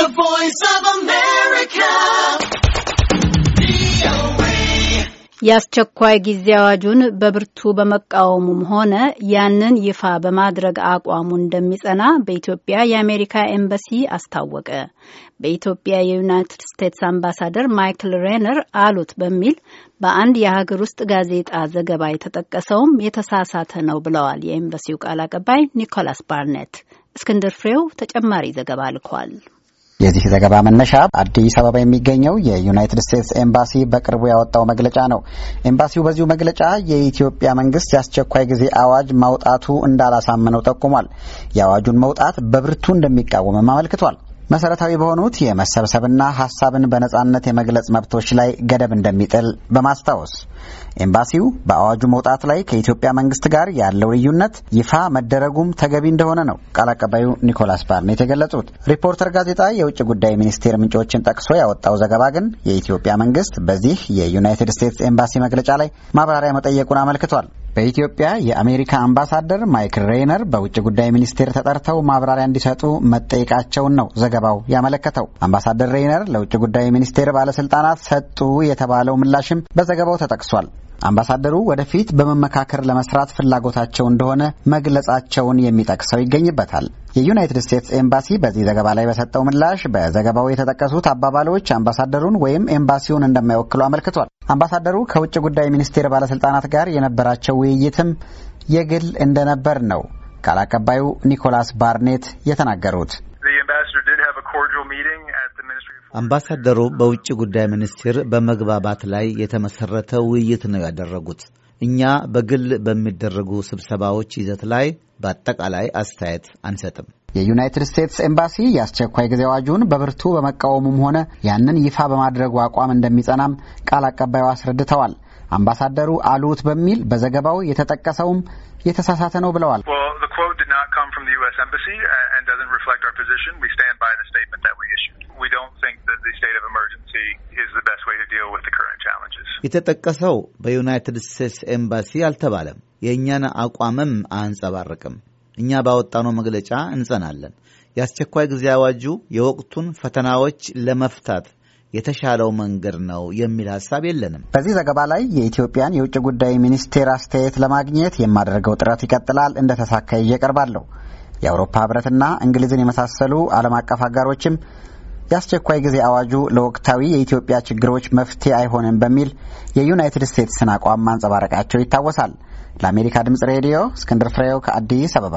The Voice of America. የአስቸኳይ ጊዜ አዋጁን በብርቱ በመቃወሙም ሆነ ያንን ይፋ በማድረግ አቋሙ እንደሚጸና በኢትዮጵያ የአሜሪካ ኤምባሲ አስታወቀ። በኢትዮጵያ የዩናይትድ ስቴትስ አምባሳደር ማይክል ሬነር አሉት በሚል በአንድ የሀገር ውስጥ ጋዜጣ ዘገባ የተጠቀሰውም የተሳሳተ ነው ብለዋል የኤምባሲው ቃል አቀባይ ኒኮላስ ባርኔት። እስክንድር ፍሬው ተጨማሪ ዘገባ ልኳል። የዚህ ዘገባ መነሻ አዲስ አበባ የሚገኘው የዩናይትድ ስቴትስ ኤምባሲ በቅርቡ ያወጣው መግለጫ ነው። ኤምባሲው በዚሁ መግለጫ የኢትዮጵያ መንግስት የአስቸኳይ ጊዜ አዋጅ ማውጣቱ እንዳላሳመነው ጠቁሟል። የአዋጁን መውጣት በብርቱ እንደሚቃወምም አመልክቷል። መሰረታዊ በሆኑት የመሰብሰብና ሀሳብን በነጻነት የመግለጽ መብቶች ላይ ገደብ እንደሚጥል በማስታወስ ኤምባሲው በአዋጁ መውጣት ላይ ከኢትዮጵያ መንግስት ጋር ያለው ልዩነት ይፋ መደረጉም ተገቢ እንደሆነ ነው ቃል አቀባዩ ኒኮላስ ባርኔት የገለጹት። ሪፖርተር ጋዜጣ የውጭ ጉዳይ ሚኒስቴር ምንጮችን ጠቅሶ ያወጣው ዘገባ ግን የኢትዮጵያ መንግስት በዚህ የዩናይትድ ስቴትስ ኤምባሲ መግለጫ ላይ ማብራሪያ መጠየቁን አመልክቷል። በኢትዮጵያ የአሜሪካ አምባሳደር ማይክል ሬይነር በውጭ ጉዳይ ሚኒስቴር ተጠርተው ማብራሪያ እንዲሰጡ መጠየቃቸውን ነው ዘገባው ያመለከተው። አምባሳደር ሬይነር ለውጭ ጉዳይ ሚኒስቴር ባለስልጣናት ሰጡ የተባለው ምላሽም በዘገባው ተጠቅሷል። አምባሳደሩ ወደፊት በመመካከር ለመስራት ፍላጎታቸው እንደሆነ መግለጻቸውን የሚጠቅሰው ይገኝበታል። የዩናይትድ ስቴትስ ኤምባሲ በዚህ ዘገባ ላይ በሰጠው ምላሽ በዘገባው የተጠቀሱት አባባሎች አምባሳደሩን ወይም ኤምባሲውን እንደማይወክሉ አመልክቷል። አምባሳደሩ ከውጭ ጉዳይ ሚኒስቴር ባለስልጣናት ጋር የነበራቸው ውይይትም የግል እንደነበር ነው ቃል አቀባዩ ኒኮላስ ባርኔት የተናገሩት። አምባሳደሩ በውጭ ጉዳይ ሚኒስቴር በመግባባት ላይ የተመሰረተ ውይይት ነው ያደረጉት። እኛ በግል በሚደረጉ ስብሰባዎች ይዘት ላይ በአጠቃላይ አስተያየት አንሰጥም። የዩናይትድ ስቴትስ ኤምባሲ የአስቸኳይ ጊዜ አዋጁን በብርቱ በመቃወሙም ሆነ ያንን ይፋ በማድረጉ አቋም እንደሚጸናም ቃል አቀባዩ አስረድተዋል። አምባሳደሩ አሉት በሚል በዘገባው የተጠቀሰውም የተሳሳተ ነው ብለዋል። የተጠቀሰው በዩናይትድ ስቴትስ ኤምባሲ አልተባለም። የእኛን አቋምም አያንጸባርቅም። እኛ ባወጣነው መግለጫ እንጸናለን። የአስቸኳይ ጊዜ አዋጁ የወቅቱን ፈተናዎች ለመፍታት የተሻለው መንገድ ነው የሚል ሀሳብ የለንም። በዚህ ዘገባ ላይ የኢትዮጵያን የውጭ ጉዳይ ሚኒስቴር አስተያየት ለማግኘት የማደርገው ጥረት ይቀጥላል። እንደ ተሳካይ እየቀርባለሁ። የአውሮፓ ህብረትና እንግሊዝን የመሳሰሉ ዓለም አቀፍ አጋሮችም የአስቸኳይ ጊዜ አዋጁ ለወቅታዊ የኢትዮጵያ ችግሮች መፍትሄ አይሆንም በሚል የዩናይትድ ስቴትስን አቋም ማንጸባረቃቸው ይታወሳል። ለአሜሪካ ድምጽ ሬዲዮ እስክንድር ፍሬው ከአዲስ አበባ